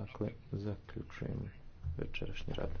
Dakle, zaključujem večerašnji rad.